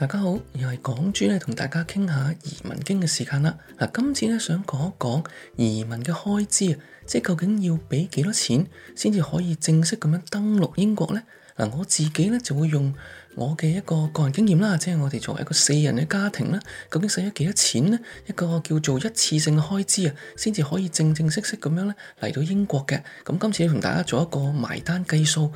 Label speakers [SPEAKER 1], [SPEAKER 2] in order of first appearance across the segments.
[SPEAKER 1] 大家好，又係港豬咧，同大家傾下移民經嘅時間啦。嗱，今次咧想講一講移民嘅開支啊，即係究竟要畀幾多錢先至可以正式咁樣登陸英國咧？嗱，我自己咧就會用我嘅一個個人經驗啦，即係我哋作為一個四人嘅家庭咧，究竟使咗幾多錢咧？一個叫做一次性嘅開支啊，先至可以正正式式咁樣咧嚟到英國嘅。咁今次同大家做一個埋單計數。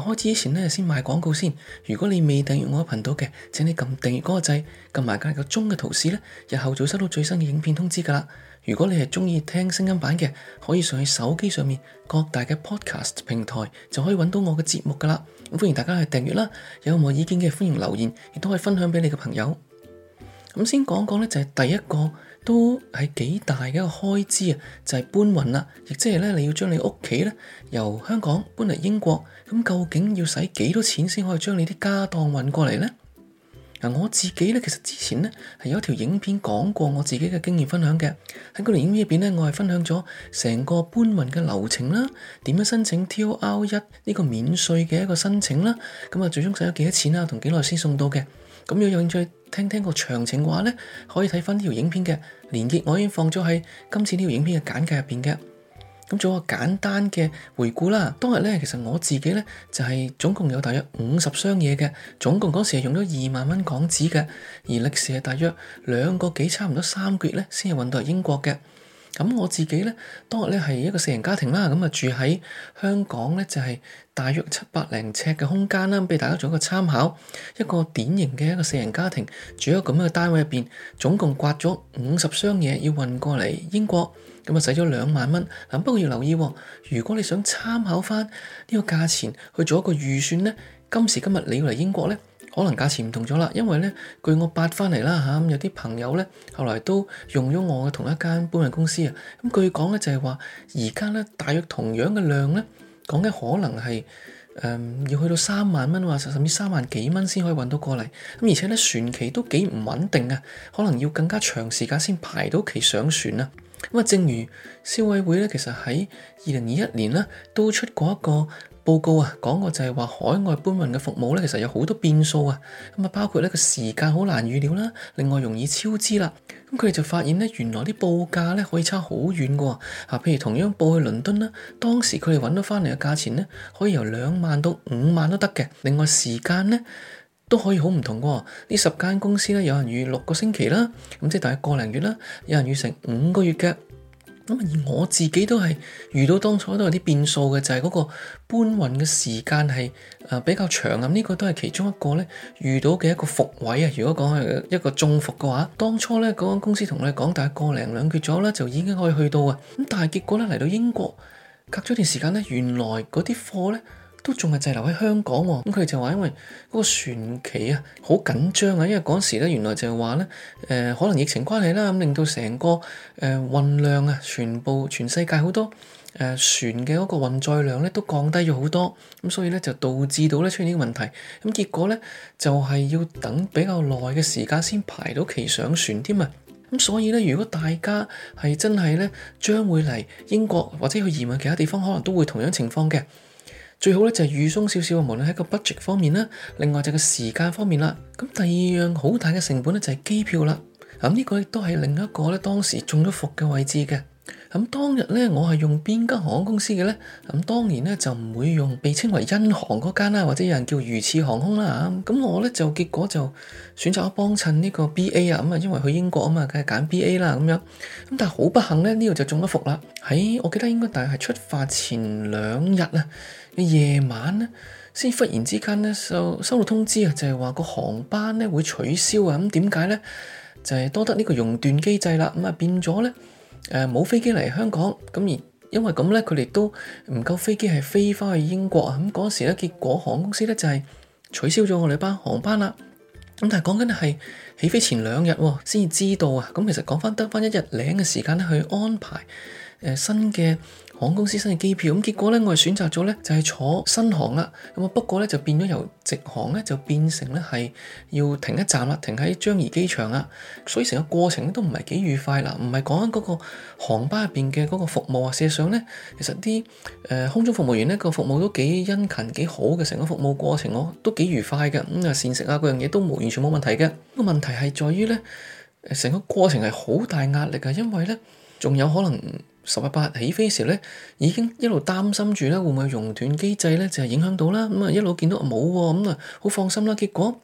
[SPEAKER 1] 開始之前呢，先賣廣告先。如果你未訂閱我嘅頻道嘅，請你撳訂閱嗰個掣，撳埋隔離個鐘嘅圖示呢，日後就收到最新嘅影片通知噶啦。如果你係鍾意聽聲音版嘅，可以上去手機上面各大嘅 Podcast 平台就可以揾到我嘅節目噶啦。咁歡迎大家去訂閱啦，有冇意見嘅歡迎留言，亦都可以分享俾你嘅朋友。咁先講講呢，就係第一個。都係幾大嘅一個開支啊，就係、是、搬運啦，亦即係咧，你要將你屋企咧由香港搬嚟英國，咁究竟要使幾多錢先可以將你啲家當運過嚟咧？嗱、啊，我自己咧，其實之前咧係有一條影片講過我自己嘅經驗分享嘅，喺嗰條影片入邊咧，我係分享咗成個搬運嘅流程啦，點樣申請 ToR1 呢個免稅嘅一個申請啦，咁啊最終使咗幾多錢啦，同幾耐先送到嘅。咁如有興趣聽聽個詳情嘅話咧，可以睇翻呢條影片嘅連結，我已經放咗喺今次呢條影片嘅簡介入邊嘅。咁做個簡單嘅回顧啦，當日咧其實我自己咧就係總共有大約五十箱嘢嘅，總共嗰時係用咗二萬蚊港紙嘅，而歷時係大約兩個幾差唔多三個月咧先係運到嚟英國嘅。咁我自己咧，當日咧係一個四人家庭啦，咁啊住喺香港咧就係大約七百零尺嘅空間啦，俾大家做一個參考。一個典型嘅一個四人家庭住喺咁樣嘅單位入邊，總共刮咗五十箱嘢要運過嚟英國，咁啊使咗兩萬蚊。嗱不過要留意喎，如果你想參考翻呢個價錢去做一個預算咧，今時今日你要嚟英國咧。可能價錢唔同咗啦，因為咧，據我八翻嚟啦嚇，咁、啊、有啲朋友咧，後來都用咗我嘅同一間搬運公司啊。咁據講咧就係、是、話，而家咧大約同樣嘅量咧，講緊可能係誒、呃、要去到三萬蚊或甚甚至三萬幾蚊先可以揾到過嚟。咁、啊、而且咧船期都幾唔穩定啊，可能要更加長時間先排到期上船啊。咁啊，正如消委會咧，其實喺二零二一年咧都出過一個。報告啊，講過就係話海外搬運嘅服務咧，其實有好多變數啊。咁啊，包括呢個時間好難預料啦、啊。另外容易超支啦。咁佢哋就發現咧，原來啲報價咧可以差好遠嘅喎。啊，譬如同樣報去倫敦啦，當時佢哋揾到翻嚟嘅價錢咧，可以由兩萬到五萬都得嘅。另外時間咧都可以好唔同嘅、啊。呢十間公司咧，有人預六個星期啦、啊，咁、嗯、即係大概個零月啦、啊，有人預成五個月嘅。咁而我自己都係遇到當初都有啲變數嘅，就係嗰個搬運嘅時間係誒比較長啊！呢個都係其中一個咧遇到嘅一個伏位啊！如果講係一個中伏嘅話，當初咧嗰間公司同你講，大概個零兩月咗啦，就已經可以去到啊！咁但係結果咧嚟到英國，隔咗段時間咧，原來嗰啲貨咧。都仲係滯留喺香港喎。哦，咁佢哋就話，因為嗰個船期啊，好緊張啊。因為嗰時咧，原來就係話咧，誒、呃、可能疫情關係啦，咁、嗯、令到成個誒、呃、運量啊，全部全世界好多誒、呃、船嘅嗰個運載量咧都降低咗好多，咁、嗯、所以咧就導致到咧出現呢個問題。咁、嗯、結果咧就係、是、要等比較耐嘅時間先排到期上船添啊。咁、嗯、所以咧，如果大家係真係咧將會嚟英國或者去移民其他地方，可能都會同樣情況嘅。最好呢就係預鬆少少，無論喺個 budget 方面啦，另外就係時間方面啦。咁第二樣好大嘅成本呢就係機票啦。咁、這、呢個亦都係另一個咧當時中咗伏嘅位置嘅。咁當日咧，我係用邊間航空公司嘅咧？咁當然咧就唔會用被稱為因航嗰間啦，或者有人叫魚翅航空啦吓。咁我咧就結果就選擇咗幫襯呢個 BA 啊。咁啊，因為去英國啊嘛，梗係揀 BA 啦咁樣。咁但係好不幸咧，呢度就中咗伏啦。喺我記得應該大約係出發前兩日啊嘅夜晚咧，先忽然之間咧收收到通知啊，就係話個航班咧會取消啊。咁點解咧？就係多得呢個熔斷機制啦。咁啊變咗咧。誒，冇飛機嚟香港，咁而因為咁咧，佢哋都唔夠飛機係飛翻去英國。咁、嗯、嗰時咧，結果航空公司咧就係、是、取消咗我哋班航班啦。咁、嗯、但係講緊係起飛前兩日喎先至知道啊。咁、嗯、其實講翻得翻一日零嘅時間咧去安排誒、呃、新嘅。航空公司嘅機票，咁結果咧，我哋選擇咗咧，就係坐新航啦。咁啊，不過咧就變咗由直航咧，就變,就變成咧係要停一站啦，停喺樟宜機場啊。所以成個過程都唔係幾愉快啦。唔係講緊嗰個航班入邊嘅嗰個服務啊，事實上咧，其實啲誒空中服務員咧個服務都幾殷勤幾好嘅，成個服務過程我都幾愉快嘅。咁啊，膳食啊嗰樣嘢都冇完全冇問題嘅。個問題係在於咧，誒成個過程係好大壓力嘅，因為咧仲有可能。十一八起飛時咧，已經一路擔心住咧，會唔會熔斷機制咧，就係影響到啦。咁啊，一路見到冇喎，咁啊，好放心啦。結果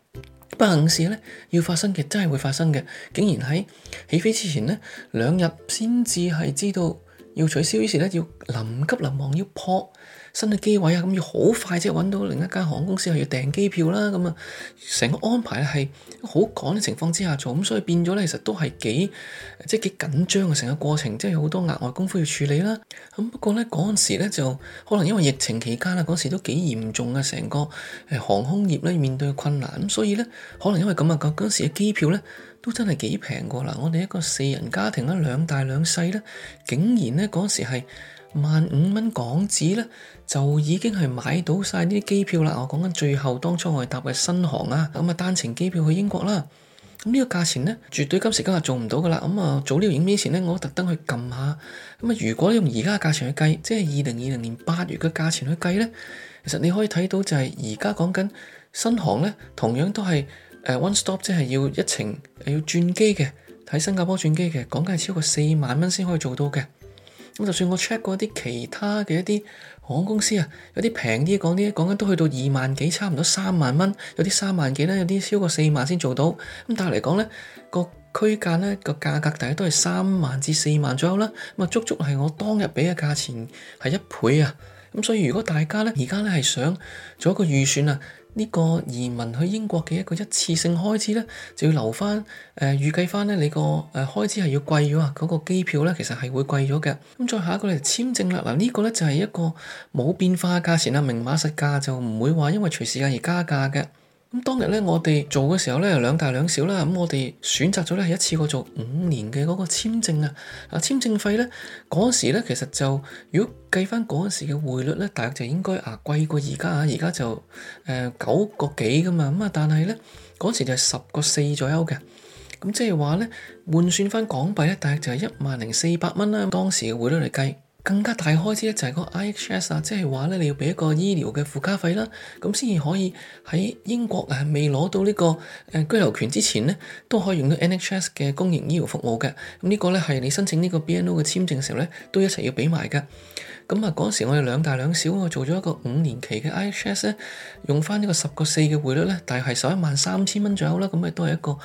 [SPEAKER 1] 不幸事咧，要發生嘅真係會發生嘅，竟然喺起飛之前咧，兩日先至係知道要取消，於是咧，要臨急臨忙要撲。新嘅機位啊，咁要好快即係，揾到另一間航空公司係要訂機票啦，咁啊，成個安排係好趕嘅情況之下做，咁所以變咗咧，其實都係幾即係幾緊張嘅成個過程，即係好多額外功夫要處理啦。咁不過咧，嗰陣時咧就可能因為疫情期間啦，嗰時都幾嚴重啊，成個誒航空業咧面對嘅困難，咁所以咧可能因為咁啊，嗰嗰陣時嘅機票咧。都真係幾平過啦！我哋一個四人家庭咧，兩大兩細咧，竟然咧嗰時係萬五蚊港紙咧，就已經係買到晒呢啲機票啦！我講緊最後當初我哋搭嘅新航啊，咁啊單程機票去英國啦，咁、這、呢個價錢咧，絕對今時今日做唔到噶啦！咁啊，做呢個影片前咧，我特登去撳下，咁啊，如果用而家嘅價錢去計，即係二零二零年八月嘅價錢去計咧，其實你可以睇到就係而家講緊新航咧，同樣都係。One Stop 即係要一程要轉機嘅，喺新加坡轉機嘅，講緊係超過四萬蚊先可以做到嘅。咁就算我 check 過一啲其他嘅一啲航空公司啊，有啲平啲，講啲講緊都去到二萬幾，差唔多三萬蚊，有啲三萬幾啦，有啲超過四萬先做到。咁但係嚟講呢個區間呢個價格，大家都係三萬至四萬左右啦。咁啊，足足係我當日俾嘅價錢係一倍啊。咁所以如果大家呢，而家呢係想做一個預算啊～呢個移民去英國嘅一個一次性開支咧，就要留翻誒預計翻咧你個誒、呃、開支係要貴咗啊！嗰、那個機票咧其實係會貴咗嘅。咁再下一個嚟就簽證啦，嗱呢、這個咧就係一個冇變化價錢啊，明碼實價就唔會話因為隨時間而加價嘅。咁當日咧，我哋做嘅時候咧，有兩大兩小啦。咁我哋選擇咗咧係一次過做五年嘅嗰個簽證啊。啊，簽證費咧嗰時咧，其實就如果計翻嗰時嘅匯率咧，大約就應該啊貴過而家啊。而家就誒九、呃、個幾噶嘛。咁啊，但係咧嗰時就係十個四左右嘅。咁即係話咧換算翻港幣咧，大約就係一萬零四百蚊啦。當時嘅匯、啊、率嚟計。更加大開支咧就係個 IHS 啊，即係話咧你要俾一個醫療嘅附加費啦，咁先至可以喺英國啊未攞到呢個誒居留權之前咧，都可以用到 NHS 嘅公營醫療服務嘅。咁呢個咧係你申請呢個 BNO 嘅簽證嘅時候咧，都一齊要俾埋噶。咁啊嗰時我哋兩大兩小，我做咗一個五年期嘅 IHS 咧，用翻呢個十個四嘅匯率咧，大概係十一萬三千蚊左右啦，咁啊都係一個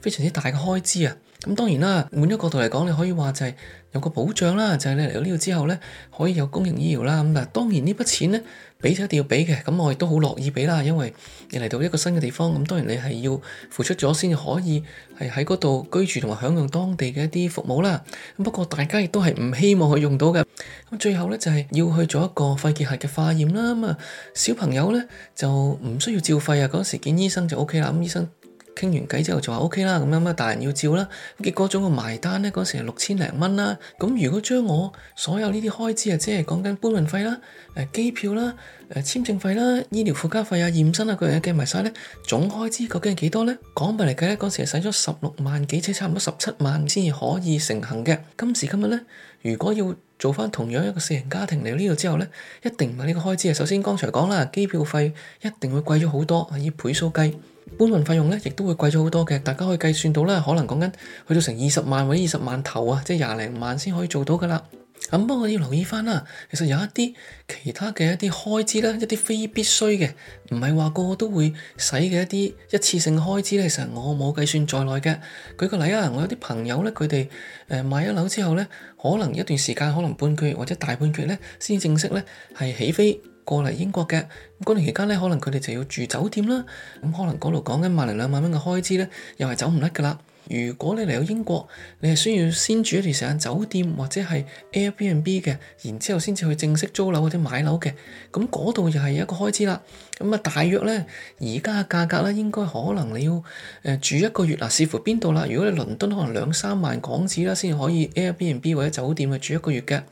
[SPEAKER 1] 非常之大嘅開支啊！咁當然啦，換一個角度嚟講，你可以話就係有個保障啦，就係你嚟到呢度之後咧，可以有公營醫療啦。咁啊，當然呢筆錢咧，畀就一定要畀嘅。咁我亦都好樂意畀啦，因為你嚟到一個新嘅地方，咁當然你係要付出咗先至可以係喺嗰度居住同埋享用當地嘅一啲服務啦。咁不過大家亦都係唔希望去用到嘅。咁最後咧就係要去做一個肺結核嘅化驗啦。咁啊，小朋友咧就唔需要照肺啊，嗰時見醫生就 OK 啦。咁醫生，傾完偈之後就話 O K 啦，咁樣咪大人要照啦，咁結果總共埋單呢嗰時係六千零蚊啦。咁如果將我所有呢啲開支啊，即係講緊搬運費啦、誒，機票啦、誒，簽證費啦、醫療附加費啊、驗身啊各樣嘢計埋晒呢，總開支究竟係幾多呢？港幣嚟計咧，嗰時係使咗十六萬幾，即係差唔多十七萬先至可以成行嘅。今時今日呢，如果要做翻同樣一個四人家庭嚟到呢度之後呢，一定唔係呢個開支啊。首先剛才講啦，機票費一定會貴咗好多，以倍數計。搬運費用咧，亦都會貴咗好多嘅。大家可以計算到啦，可能講緊去到成二十萬或者二十萬頭啊，即係廿零萬先可以做到噶啦。咁不過要留意翻啦，其實有一啲其他嘅一啲開支啦，一啲非必須嘅，唔係話個個都會使嘅一啲一次性開支咧，其實我冇計算在內嘅。舉個例啊，我有啲朋友咧，佢哋誒買咗樓之後咧，可能一段時間可能半個月或者大半個月咧，先正式咧係起飛。過嚟英國嘅，嗰段期間咧，可能佢哋就要住酒店啦。咁、嗯、可能嗰度講緊萬零兩萬蚊嘅開支咧，又係走唔甩噶啦。如果你嚟到英國，你係需要先住一段時間酒店或者係 Airbnb 嘅，然之後先至去正式租樓或者買樓嘅。咁嗰度又係一個開支啦。咁、嗯、啊，大約咧，而家嘅價格咧，應該可能你要誒住一個月啦，視乎邊度啦。如果你倫敦可能兩三萬港紙啦，先可以 Airbnb 或者酒店去住一個月嘅。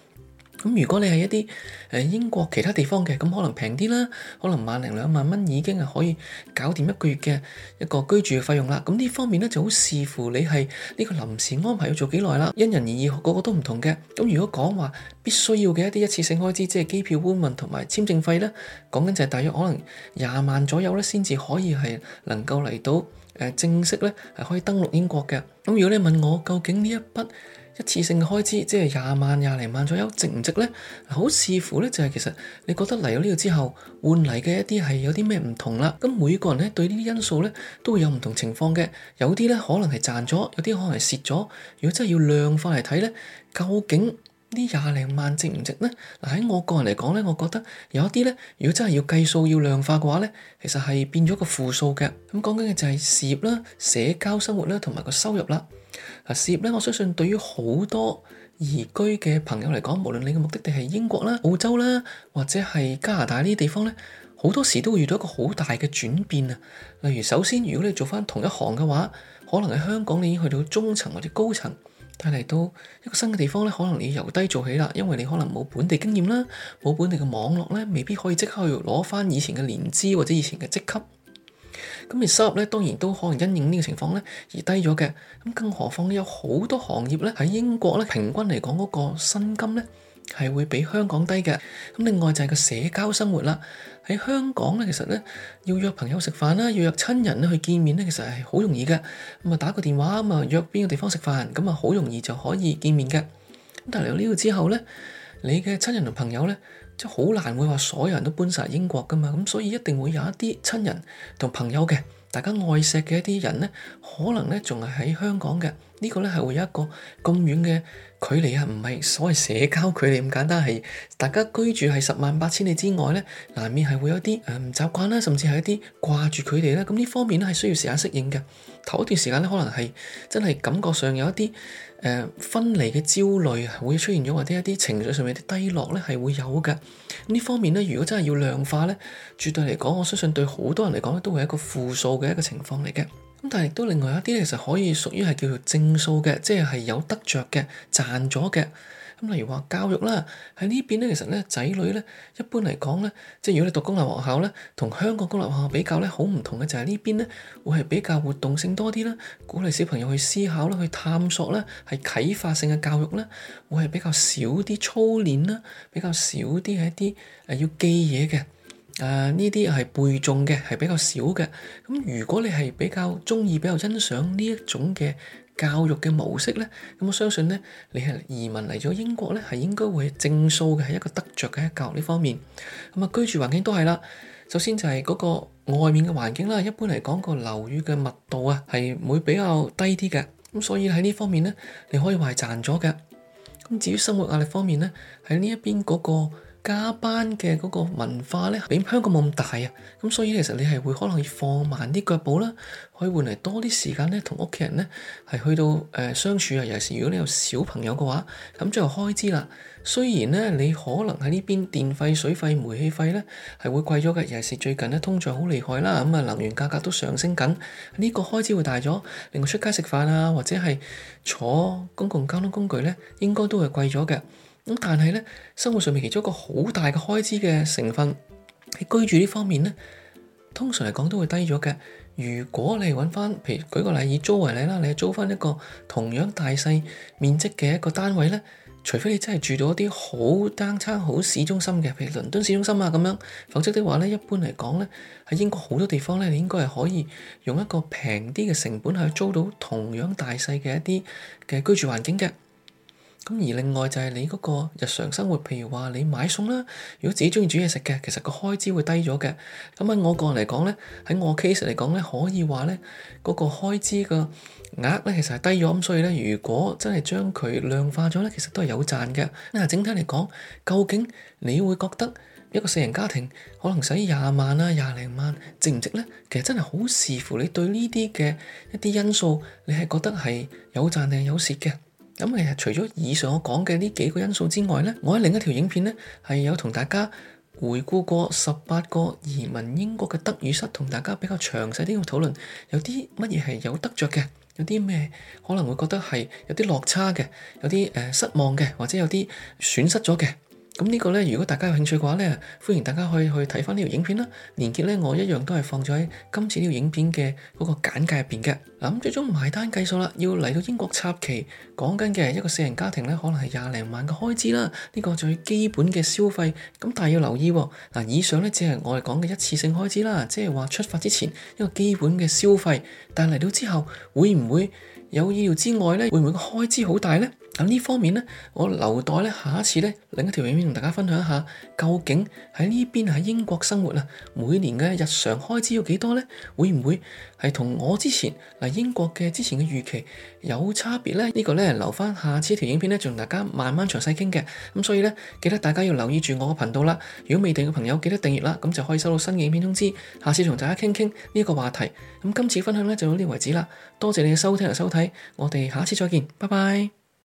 [SPEAKER 1] 咁如果你係一啲誒英國其他地方嘅，咁可能平啲啦，可能萬零兩萬蚊已經係可以搞掂一個月嘅一個居住嘅費用啦。咁呢方面咧就好視乎你係呢個臨時安排要做幾耐啦，因人而異，個個都唔同嘅。咁如果講話必須要嘅一啲一次性開支，即係機票搬運同埋簽證費咧，講緊就係大約可能廿萬左右咧，先至可以係能夠嚟到誒正式咧係可以登陸英國嘅。咁如果你問我究竟呢一筆，一次性嘅開支，即係廿萬、廿零萬左右，值唔值呢？好視乎呢，就係其實你覺得嚟咗呢度之後換嚟嘅一啲係有啲咩唔同啦。咁每個人呢對呢啲因素呢，都會有唔同情況嘅，有啲呢，可能係賺咗，有啲可能係蝕咗。如果真係要量化嚟睇呢，究竟？呢廿零萬值唔值呢？嗱，喺我個人嚟講咧，我覺得有一啲咧，如果真係要計數、要量化嘅話咧，其實係變咗一個負數嘅。咁講緊嘅就係事業啦、社交生活啦同埋個收入啦。嗱，事業咧，我相信對於好多移居嘅朋友嚟講，無論你嘅目的地係英國啦、澳洲啦，或者係加拿大呢啲地方咧，好多時都會遇到一個好大嘅轉變啊。例如，首先如果你做翻同一行嘅話，可能喺香港你已經去到中層或者高層。但嚟到一個新嘅地方咧，可能你要由低做起啦，因為你可能冇本地經驗啦，冇本地嘅網絡咧，未必可以即刻去攞翻以前嘅年資或者以前嘅職級。咁而收入咧，當然都可能因應呢個情況咧而低咗嘅。咁更何況有好多行業咧喺英國咧，平均嚟講嗰個薪金咧，係會比香港低嘅，咁另外就係個社交生活啦。喺香港咧，其實咧要約朋友食飯啦，要約親人去見面咧，其實係好容易嘅。咁啊打個電話，咁啊約邊個地方食飯，咁啊好容易就可以見面嘅。咁但嚟到呢度之後咧，你嘅親人同朋友咧，即係好難會話所有人都搬晒英國噶嘛，咁所以一定會有一啲親人同朋友嘅，大家愛錫嘅一啲人咧，可能咧仲係喺香港嘅。呢個咧係會有一個咁遠嘅距離啊，唔係所謂社交距離咁簡單，係大家居住係十萬八千里之外咧，難免係會有啲誒唔習慣啦，甚至係一啲掛住佢哋啦。咁呢方面咧係需要時間適應嘅。頭一段時間咧，可能係真係感覺上有一啲誒、呃、分離嘅焦慮，會出現咗或者一啲情緒上面啲低落咧，係會有嘅。呢方面咧，如果真係要量化咧，絕對嚟講，我相信對好多人嚟講咧，都係一個負數嘅一個情況嚟嘅。咁但係亦都另外一啲，其實可以屬於係叫做正數嘅，即係係有得着嘅、賺咗嘅。咁例如話教育啦，喺呢邊咧，其實咧仔女咧，一般嚟講咧，即係如果你讀公立學校咧，同香港公立學校比較咧，好唔同嘅就係呢邊咧，會係比較活動性多啲啦，鼓勵小朋友去思考啦、去探索啦，係啟發性嘅教育啦，會係比較少啲操練啦，比較少啲係一啲誒要記嘢嘅。啊！呢啲係背誦嘅，係比較少嘅。咁如果你係比較鍾意、比較欣賞呢一種嘅教育嘅模式咧，咁我相信咧，你係移民嚟咗英國咧，係應該會正數嘅，係一個得着嘅喺教育呢方面。咁啊，居住環境都係啦。首先就係嗰個外面嘅環境啦，一般嚟講個樓宇嘅密度啊，係會比較低啲嘅。咁所以喺呢方面咧，你可以話係賺咗嘅。咁至於生活壓力方面咧，喺呢一邊嗰、嗰個。加班嘅嗰個文化咧，比香港冇咁大啊，咁所以其實你係會可能要放慢啲腳步啦，可以換嚟多啲時間咧，同屋企人咧係去到誒相處啊。尤其是如果你有小朋友嘅話，咁最後開支啦。雖然咧你可能喺呢邊電費、水費、煤氣費咧係會貴咗嘅。尤其是最近咧通脹好厲害啦，咁啊能源價格都上升緊，呢、這個開支會大咗。另外出街食飯啊，或者係坐公共交通工具咧，應該都係貴咗嘅。咁但係咧，生活上面其中一個好大嘅開支嘅成分喺居住呢方面咧，通常嚟講都會低咗嘅。如果你揾翻，譬如舉個例以租為例啦，你租翻一個同樣大細面積嘅一個單位咧，除非你真係住到一啲好單餐好市中心嘅，譬如倫敦市中心啊咁樣，否則的話咧，一般嚟講咧，喺英國好多地方咧，你應該係可以用一個平啲嘅成本去租到同樣大細嘅一啲嘅居住環境嘅。咁而另外就係你嗰個日常生活，譬如話你買餸啦，如果自己鍾意煮嘢食嘅，其實個開支會低咗嘅。咁喺我個人嚟講咧，喺我 case 嚟講咧，可以話咧嗰個開支嘅額咧，其實係低咗咁。所以咧，如果真係將佢量化咗咧，其實都係有賺嘅。咁啊，整體嚟講，究竟你會覺得一個四人家庭可能使廿萬啊、廿零萬，值唔值咧？其實真係好視乎你對呢啲嘅一啲因素，你係覺得係有賺定有蝕嘅。咁其實除咗以上我講嘅呢幾個因素之外咧，我喺另一條影片咧，係有同大家回顧過十八個移民英國嘅得與失，同大家比較詳細啲去討論，有啲乜嘢係有得着嘅，有啲咩可能會覺得係有啲落差嘅，有啲誒失望嘅，或者有啲損失咗嘅。咁呢個呢，如果大家有興趣嘅話呢，歡迎大家可以去睇翻呢條影片啦。連結呢，我一樣都係放咗喺今次呢條影片嘅嗰個簡介入邊嘅。嗱、嗯，最終埋單計數啦，要嚟到英國插旗，講緊嘅一個四人家庭呢，可能係廿零萬嘅開支啦。呢個最基本嘅消費，咁但係要留意、喎，嗱以上呢，只係我哋講嘅一次性開支啦，即係話出發之前一個基本嘅消費，但嚟到之後會唔會有意料之外呢？會唔會個開支好大呢？咁呢方面呢，我留待呢下一次呢另一條影片同大家分享一下，究竟喺呢邊喺英國生活啊，每年嘅日常開支要幾多呢？會唔會係同我之前嚟英國嘅之前嘅預期有差別呢？呢、呢個呢，留翻下次條影片呢，就同大家慢慢詳細傾嘅。咁所以呢，記得大家要留意住我嘅頻道啦。如果未定嘅朋友記得訂閱啦，咁就可以收到新嘅影片通知。下次同大家傾傾呢個話題。咁今次分享呢就到呢度為止啦。多謝你嘅收聽同收睇，我哋下次再見，拜拜。